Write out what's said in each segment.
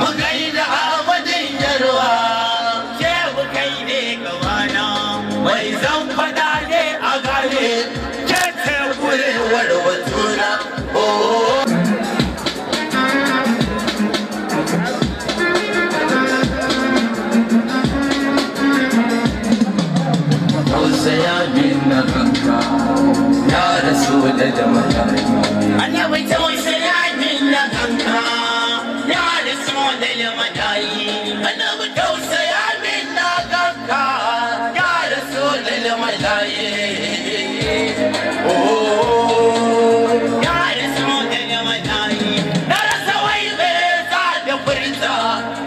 mu gaida abadin yarwa ke mu kai ne gawana wai zan fada ne a gane ke ce kurewar watura oh Tausaya min na kanka ya rasu da jama'a lil madayi annabi tausaya min na ganka ya rasul lil madayi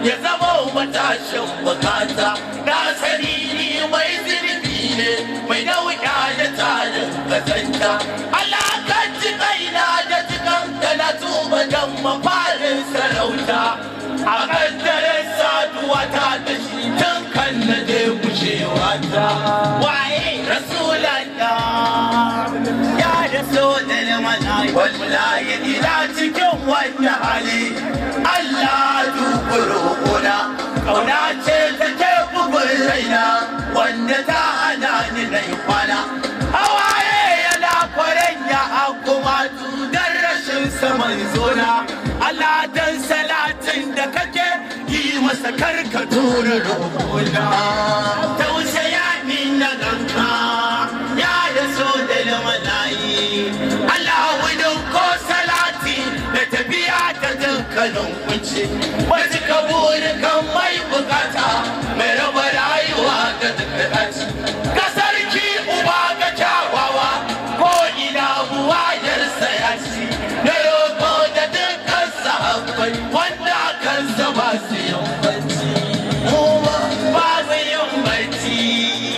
Ya zama matashin bukata na sani ni mai zirfi ne mai nauya da tarin kasanta Allah kan ji kaina da jikan na tuba dan mafarin sarauta a kaddare saduwa ta da don kan na ta waye rasulalla ya da so da na malayi wallahi cikin wanda hali Allah duburo kuna kauna ce ta ke bugun raina wanda ta hana ni na kwana hawaye yana kwaren ya kuma tudar rashin saman zona Allah da ta ka tura roƙona tausaya ni na ganka ya da so da lamalayi Allah wani ko salati da tafiya ta dukkanin kunci wasu kaburin kan mai bukata see.